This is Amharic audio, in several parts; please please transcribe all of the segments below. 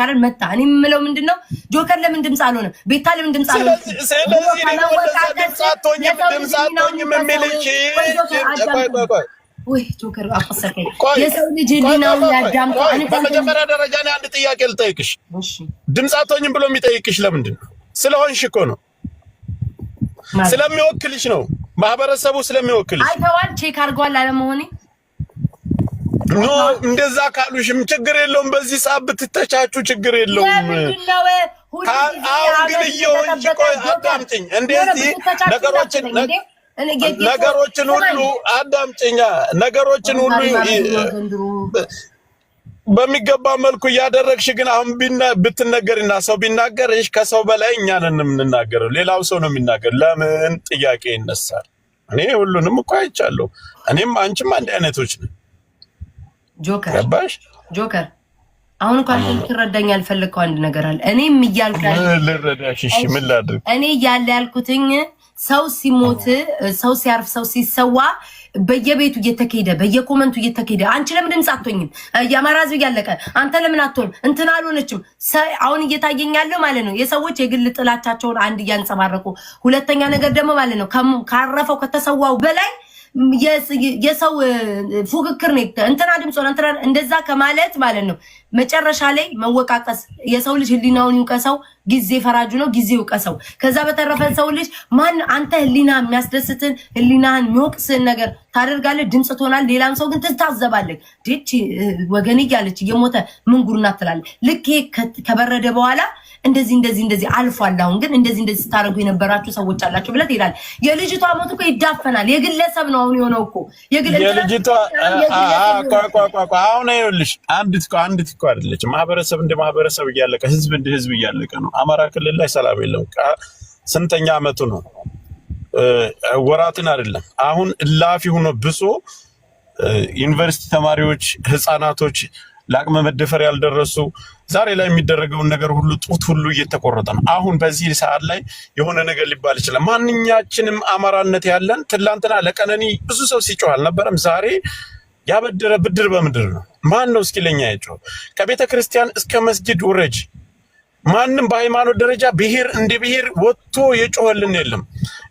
ካረን መጣ። እኔ የምለው ምንድን ነው ጆከር ለምን ድምፅ አልሆነም? ቤታ ለምን ድምፅ አልሆነም? ወይ ደረጃ እኔ አንድ ጥያቄ ልጠይቅሽ። ድምፅ አትሆኝም ብሎ የሚጠይቅሽ ለምንድን ነው? ስለሆንሽ እኮ ነው። ስለሚወክልሽ ነው። ማህበረሰቡ ስለሚወክልሽ አይተዋል። ቼክ አድርገዋል አለመሆኔ ኖ እንደዛ ካሉሽም ችግር የለውም። በዚህ ሰዓት ብትተቻችሁ ችግር የለውም። አሁን ግን እየሆንሽ ቆይ አዳምጭኝ። እንደዚህ ነገሮችን ነገሮችን ሁሉ አዳምጭኛ ነገሮችን ሁሉ በሚገባ መልኩ እያደረግሽ ግን አሁን ብትነገርና ሰው ቢናገርሽ ከሰው በላይ እኛን የምንናገረው ሌላው ሰው ነው የሚናገር። ለምን ጥያቄ ይነሳል? እኔ ሁሉንም እኮ አይቻለሁ። እኔም አንቺም አንድ አይነቶች ነን። ጆከር ገባሽ? ጆከር አሁን እኮ አንተ ልትረዳኝ ያልፈለግከው አንድ ነገር አለ። እኔም እያልኩ ምን ላድርግ? እኔ እያለ ያልኩትኝ ሰው ሲሞት፣ ሰው ሲያርፍ፣ ሰው ሲሰዋ በየቤቱ እየተካሄደ በየኮመንቱ እየተካሄደ አንቺ ለምን ድምፅ አትሆኝም? የአማራ ህዝብ እያለቀ አንተ ለምን አትሆን እንትን አልሆነችም። አሁን እየታየኝ ያለው ማለት ነው የሰዎች የግል ጥላቻቸውን አንድ እያንጸባረቁ፣ ሁለተኛ ነገር ደግሞ ማለት ነው ካረፈው ከተሰዋው በላይ የሰው ፉክክር ነው። እንትና ድምፅ ሆነ እንትና እንደዛ ከማለት ማለት ነው መጨረሻ ላይ መወቃቀስ። የሰው ልጅ ህሊናውን ይውቀሰው፣ ጊዜ ፈራጁ ነው፣ ጊዜ ይውቀሰው። ከዛ በተረፈ ሰው ልጅ ማን አንተ ህሊና የሚያስደስትን ህሊናህን የሚወቅስን ነገር ታደርጋለህ፣ ድምፅ ትሆናል። ሌላም ሰው ግን ትታዘባለህ። ድች ወገን እያለች እየሞተ ምንጉርና ጉርና ትላለህ። ልክ ከበረደ በኋላ እንደዚህ እንደዚህ እንደዚህ አልፏል። አሁን ግን እንደዚህ እንደዚህ ስታደርጉ የነበራችሁ ሰዎች አላችሁ ብለት ይላል የልጅቷ ሞት እኮ ይዳፈናል። የግለሰብ ነው አሁን የሆነው እኮ የልጅቷ አሁን ይኸውልሽ፣ አንዲት እኮ አንዲት እኮ አይደለች። ማህበረሰብ እንደ ማህበረሰብ እያለቀ ህዝብ እንደ ህዝብ እያለቀ ነው። አማራ ክልል ላይ ሰላም የለም። ስንተኛ አመቱ ነው? ወራትን አይደለም። አሁን እላፊ ሆኖ ብሶ ዩኒቨርሲቲ ተማሪዎች፣ ህፃናቶች ለአቅመ መደፈር ያልደረሱ ዛሬ ላይ የሚደረገውን ነገር ሁሉ ጡት ሁሉ እየተቆረጠ ነው። አሁን በዚህ ሰዓት ላይ የሆነ ነገር ሊባል ይችላል። ማንኛችንም አማራነት ያለን ትላንትና ለቀነኒ ብዙ ሰው ሲጮህ አልነበረም? ዛሬ ያበደረ ብድር በምድር ነው። ማን ነው እስኪ ለኛ ያጮህ? ከቤተ ክርስቲያን እስከ መስጅድ ውረጅ፣ ማንም በሃይማኖት ደረጃ ብሔር እንደ ብሄር ወጥቶ የጮኸልን የለም።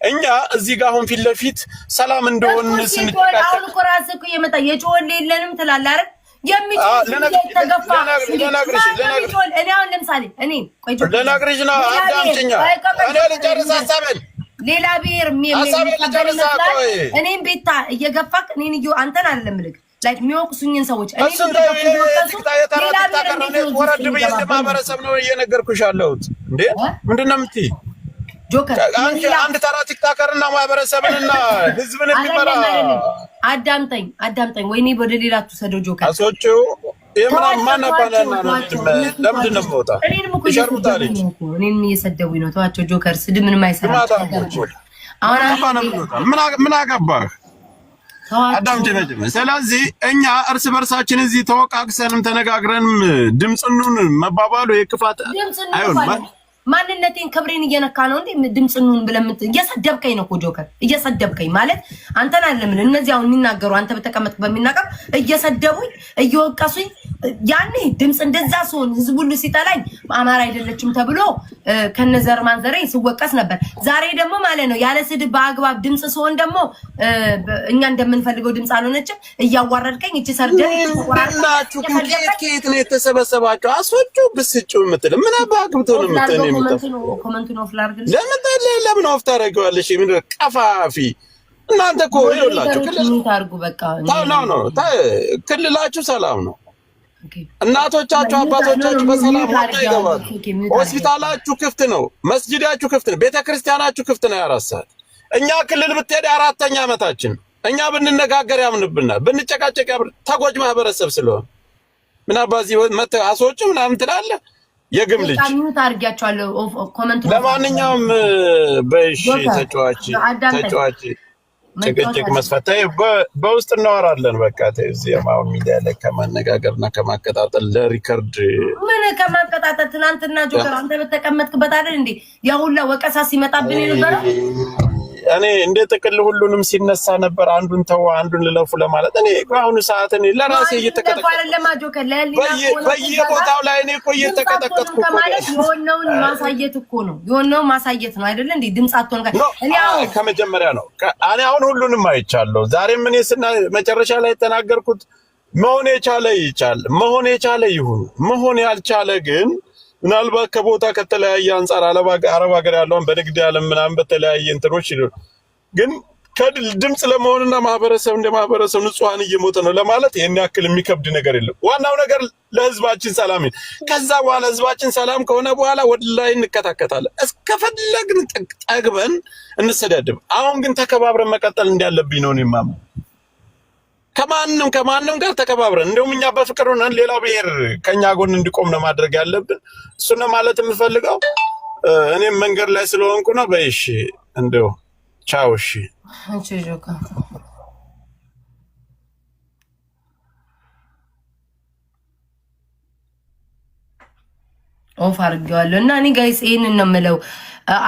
እኛ እዚህ ጋር አሁን ፊት ለፊት ሰላም እንደሆን ስንጫሁን ራስ የጮኸልን የለንም ትላል አይደል ልነግርሽ ነው። አዳምጪኝ፣ እኔ ልጨርስ ሀሳቤን ሌላ ብሔር እኔም ቤታ እየገፋክ እኔን እዩ አንተን አለምልክ ላይክ የሚወቅሱኝን ሰዎች ወረድ ብዬ ማህበረሰብ ነው እየነገርኩሽ ያለሁት። እንዴ ምንድን ነው የምትይ? አንድ ተራ ቲክታከርና ማህበረሰብንና ህዝብን የሚመራ አዳምጠኝ አዳምጠኝ። ወይኔ ወደ ሌላ ትውሰደው ጆከር። አስወጪው እኔንም እየሰደቡኝ ነው። ተዋቸው ጆከር፣ ስድብ ምንም አይሰራ። ምን አገባህ? አዳምጪ። ስለዚህ እኛ እርስ በርሳችን እዚህ ተወቃቅሰንም ተነጋግረንም ድምፅኑን መባባሉ የክፋት አይሆንም። ማንነቴን ክብሬን እየነካ ነው እንዴ? ድምፅኑን ብለን እየሰደብከኝ ነው እኮ ጆከር፣ እየሰደብከኝ ማለት አንተን አለምን እነዚህ አሁን የሚናገሩ አንተ በተቀመጥ በሚናቀር እየሰደቡኝ እየወቀሱኝ ያኔ ድምፅ እንደዛ ሲሆን ህዝቡ ሁሉ ሲጠላኝ አማራ አይደለችም ተብሎ ከነዘር ማንዘረኝ ስወቀስ ነበር። ዛሬ ደግሞ ማለት ነው ያለ ስድብ በአግባብ ድምፅ ሲሆን ደግሞ እኛ እንደምንፈልገው ድምፅ አልሆነችም። እያዋረድከኝ እቺ ሰርደናችሁ ከየት ከየት ነው የተሰበሰባችሁ? አስወጩ ብስጩ የምትል ምን አባ ነው ምትል ኮመንቱን ኦፍ ላርግ ለምን ለምን ኦፍ ታደረገዋለሽ? ምን ቀፋፊ እናንተ እኮ ይኸውላችሁ ክልላችሁ ሰላም ነው። እናቶቻችሁ አባቶቻችሁ በሰላም ወጥቶ ይገባሉ። ሆስፒታላችሁ ክፍት ነው፣ መስጂዳችሁ ክፍት ነው፣ ቤተ ክርስቲያናችሁ ክፍት ነው። ያራሳት ሰዓት እኛ ክልል ብትሄድ አራተኛ ዓመታችን እኛ ብንነጋገር ያምንብናል፣ ብንጨቃጨቅ ያምን ተጎጅ ማህበረሰብ ስለሆነ መተ አሶች ምናምን ትላለህ። የግም ልጅ ለማንኛውም በሽ ተጫዋች ተጫዋች ጭቅጭቅ መስፈታ በውስጥ እናወራለን። በቃ ዜማው ሚዲያ ላይ ከማነጋገርና ከማቀጣጠል ለሪከርድ ምን ከማቀጣጠል ትናንትና ጆከር አንተ በተቀመጥክበት አይደል እንዴ ያሁላ ወቀሳ ሲመጣብን የነበረው እኔ እንደ ጥቅል ሁሉንም ሲነሳ ነበር። አንዱን ተው አንዱን ልለፉ ለማለት እኔ በአሁኑ ሰዓት እኔ ለራሴ እየተቀጠቀጥኩ ላይ እኔ እኮ እየተቀጠቀጥኩ ማለት የሆነውን ማሳየት እኮ ነው። የሆነውን ማሳየት ነው አይደለ እንዴ? ድምፅ አትሆን ከመጀመሪያ ነው። እኔ አሁን ሁሉንም አይቻለሁ። ዛሬም እኔ ስና መጨረሻ ላይ የተናገርኩት መሆን የቻለ ይቻል፣ መሆን የቻለ ይሁን፣ መሆን ያልቻለ ግን ምናልባት ከቦታ ከተለያየ አንጻር አረብ ሀገር ያለውን በንግድ ያለም ምናምን በተለያየ እንትኖች ግን ድምፅ ለመሆንና ማህበረሰብ እንደ ማህበረሰብ ንጹሐን እየሞተ ነው ለማለት ይህን ያክል የሚከብድ ነገር የለም። ዋናው ነገር ለህዝባችን ሰላም፣ ከዛ በኋላ ህዝባችን ሰላም ከሆነ በኋላ ወደ ላይ እንከታከታለን። እስከፈለግን ጠግበን እንሰዳድብ። አሁን ግን ተከባብረን መቀጠል እንዳለብኝ ነው እኔ የማምነው። ከማንም ከማንም ጋር ተከባብረን እንደውም እኛ በፍቅር ሆነን ሌላ ብሔር ከኛ ጎን እንዲቆም ነው ማድረግ ያለብን። እሱን ማለት የምፈልገው እኔም መንገድ ላይ ስለሆንኩ ነው። በይሽ እንደው ቻውሽ ኦፍ አድርጌዋለሁ እና እኔ ጋይስ ይህንን ነው የምለው።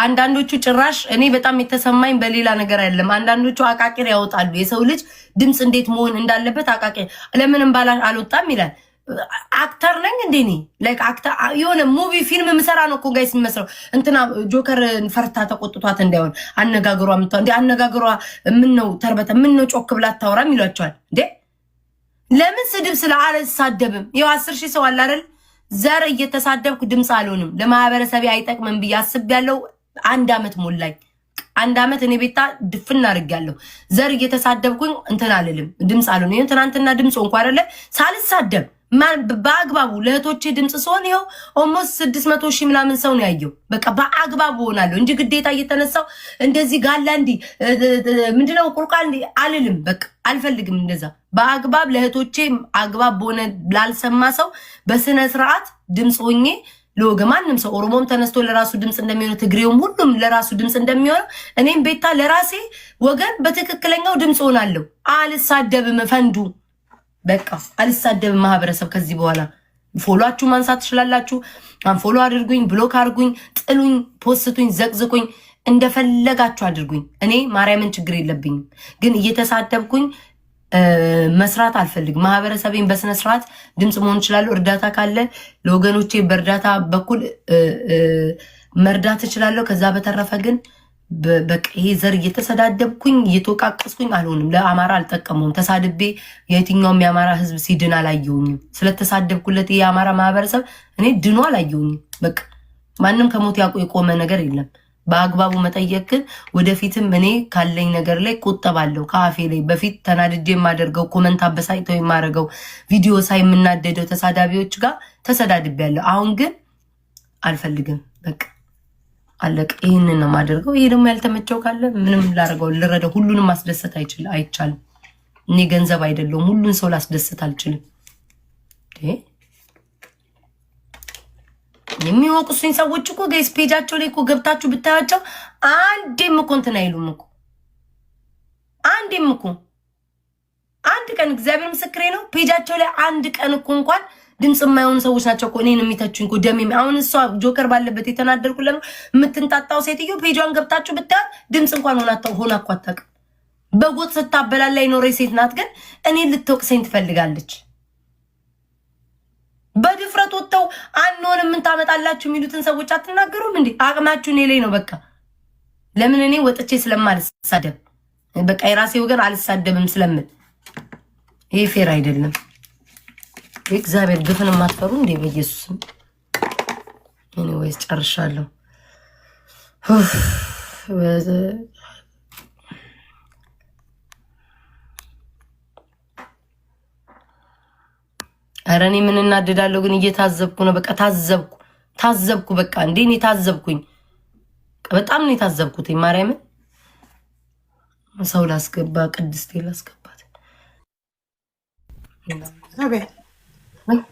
አንዳንዶቹ ጭራሽ እኔ በጣም የተሰማኝ በሌላ ነገር አይደለም። አንዳንዶቹ አቃቂር ያወጣሉ። የሰው ልጅ ድምፅ እንዴት መሆን እንዳለበት አቃቂር ለምንም ባላ አልወጣም ይላል። አክተር ነኝ እንዴ እኔ ላይክ አክተር የሆነ ሙቪ ፊልም ምሰራ ነው እኮ ጋይስ የምመስለው። እንትና ጆከር ፈርታ ተቆጥቷት እንዳይሆን አነጋገሯ ምታ እንዴ አነጋገሯ ምን ነው ተርበተ ምን ነው ጮክ ብላ አታወራም ይሏቸዋል እንዴ። ለምን ስድብ ስለ አልሳደብም? ይኸው አስር ሺህ ሰው አለ አይደል ዘር እየተሳደብኩ ድምፅ አልሆንም። ለማህበረሰብ አይጠቅምም ብዬ አስቤያለሁ። አንድ አመት ሞላኝ። አንድ አመት እኔ ቤታ ድፍን አድርጌያለሁ። ዘር እየተሳደብኩኝ እንትን አልልም፣ ድምፅ አልሆንም። ትናንትና ድምፅ ሆንኩ አይደለ ሳልሳደብ በአግባቡ ለእህቶቼ ድምፅ ሲሆን ይኸው ኦልሞስት ስድስት መቶ ሺህ ምናምን ሰው ነው ያየው። በቃ በአግባቡ ሆናለሁ እንጂ ግዴታ እየተነሳው እንደዚህ ጋላ እንዲ ምንድነው እንዲ አልልም። በቃ አልፈልግም እንደዛ። በአግባብ ለእህቶቼ አግባብ በሆነ ላልሰማ ሰው በስነ ስርዓት ድምፅ ሆኜ ለወገ ማንም ሰው ኦሮሞም ተነስቶ ለራሱ ድምፅ እንደሚሆነ ትግሬውም ሁሉም ለራሱ ድምፅ እንደሚሆነው እኔም ቤታ ለራሴ ወገን በትክክለኛው ድምፅ ሆናለሁ። አልሳደብም ፈንዱ በቃ አልሳደብም። ማህበረሰብ ከዚህ በኋላ ፎሎችሁ ማንሳት ትችላላችሁ። ፎሎ አድርጉኝ፣ ብሎክ አድርጉኝ፣ ጥሉኝ፣ ፖስቱኝ፣ ዘቅዝቁኝ፣ እንደፈለጋችሁ አድርጉኝ። እኔ ማርያምን ችግር የለብኝም። ግን እየተሳደብኩኝ መስራት አልፈልግም። ማህበረሰቤን በስነስርዓት ድምፅ መሆን እችላለሁ። እርዳታ ካለ ለወገኖቼ በእርዳታ በኩል መርዳት እችላለሁ። ከዛ በተረፈ ግን በቃ ይሄ ዘር እየተሰዳደብኩኝ እየተወቃቀስኩኝ አልሆንም። ለአማራ አልጠቀመውም። ተሳድቤ የትኛውም የአማራ ህዝብ ሲድን አላየውኝም። ስለተሳደብኩለት ይሄ የአማራ ማህበረሰብ እኔ ድኖ አላየውኝም። በቃ ማንም ከሞት የቆመ ነገር የለም። በአግባቡ መጠየቅ ግን ወደፊትም እኔ ካለኝ ነገር ላይ ቆጠባለሁ። ከአፌ ላይ በፊት ተናድጄ የማደርገው ኮመንት አበሳጭተው የማደርገው ቪዲዮ ሳይ የምናደደው ተሳዳቢዎች ጋር ተሰዳድቤያለሁ። አሁን ግን አልፈልግም በቃ አለቅ ይህንን ነው የማደርገው። ይሄ ደግሞ ያልተመቸው ካለ ምንም ላደርገው ልረዳው። ሁሉንም ማስደሰት አይቻልም። እኔ ገንዘብ አይደለውም፣ ሁሉን ሰው ላስደሰት አልችልም። የሚወቅሱኝ ሰዎች እኮ ጋይስ ፔጃቸው ላይ እኮ ገብታችሁ ብታያቸው አንዴም እኮ እንትን አይሉም እኮ አንዴም እኮ አንድ ቀን እግዚአብሔር ምስክሬ ነው ፔጃቸው ላይ አንድ ቀን እኮ እንኳን ድምፅ የማይሆኑ ሰዎች ናቸው እኔ ነው የሚተቹኝ እኮ ደሜ። አሁን እሷ ጆከር ባለበት የተናደርኩ ለምን የምትንጣጣው ሴትዮ ፔጇን ገብታችሁ ብታያት ድምፅ እንኳን ሆና እኮ አታውቅም። በጎጥ ላይ ኖረ ሴት ናት፣ ግን እኔን ልትወቅሰኝ ትፈልጋለች። በድፍረት ወጥተው አንሆን የምንታመጣላችሁ የሚሉትን ሰዎች አትናገሩም እንዴ? አቅማችሁ እኔ ላይ ነው። በቃ ለምን እኔ ወጥቼ ስለማልሳደብ በቃ የራሴ ወገን አልሳደብም ስለምል ይሄ ፌር አይደለም። የእግዚአብሔር ግፍን የማትፈሩ እንዴ? በኢየሱስም ኤኒዌይስ ጨርሻለሁ። ኧረ እኔ ምን እናደዳለሁ ግን እየታዘብኩ ነው። በቃ ታዘብኩ ታዘብኩ በቃ እንዴ እኔ ታዘብኩኝ። በጣም ነው የታዘብኩት። ማርያምን ሰው ላስገባ ቅድስቴ ላስገባት Oui.